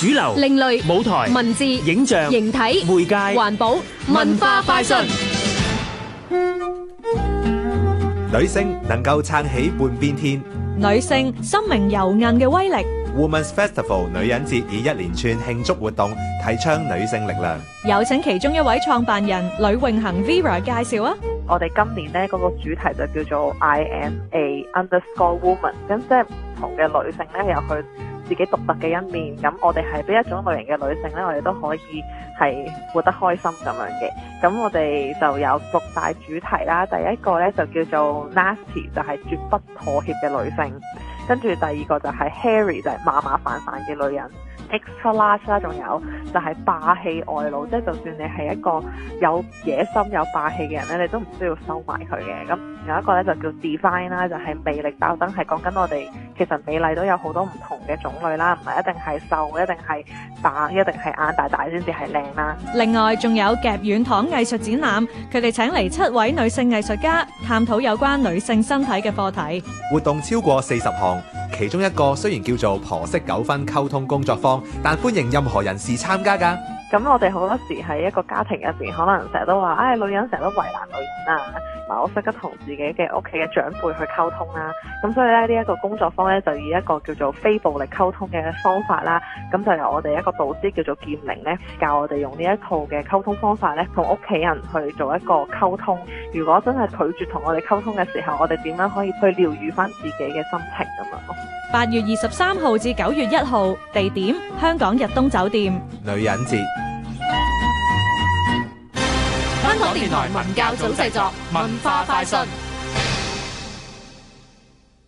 主流、另類舞台、文字、影像、形體、媒介、環保、文化快訊。女性能夠撐起半邊天。女性心靈柔韌嘅威力。Woman’s Festival 女人節以一連串慶祝活動提倡女性力量。有請其中一位創辦人呂永行 Vira 介紹啊。我哋今年咧呢個主題就叫做 I am a underscore woman，咁即係唔同嘅女性咧入去，自己獨特嘅一面，咁我哋係邊一種類型嘅女性呢？我哋都可以係活得開心咁樣嘅。咁我哋就有六大主題啦。第一個呢，就叫做 Nasty，就係絕不妥協嘅女性。跟住第二個就係 Hairy，就係麻麻煩煩嘅女人。Extra Large 啦，仲有就係霸氣外露，即係就算你係一個有野心、有霸氣嘅人呢，你都唔需要收埋佢嘅。咁有一個呢，就叫 Define 啦，就係魅力爆燈，係講緊我哋。其實美麗都有好多唔同嘅種類啦，唔係一定係瘦，一定係大，一定係眼大大先至係靚啦。另外仲有夾軟糖藝術展覽，佢哋請嚟七位女性藝術家，探討有關女性身體嘅課題。活動超過四十項，其中一個雖然叫做婆媳糾紛溝通工作坊，但歡迎任何人士參加㗎。咁我哋好多時喺一個家庭入邊，可能成日都話，唉、哎，女人成日都為難女人啊，唔好識得同自己嘅屋企嘅長輩去溝通啦、啊。咁所以咧，呢、這、一個工作坊咧，就以一個叫做非暴力溝通嘅方法啦。咁就由我哋一個導師叫做劍靈咧，教我哋用呢一套嘅溝通方法咧，同屋企人去做一個溝通。如果真係拒絕同我哋溝通嘅時候，我哋點樣可以去療愈返自己嘅心情咁啊？八月二十三號至九月一號，地點香港日東酒店，女人節。電台文教組製作《文化快訊》。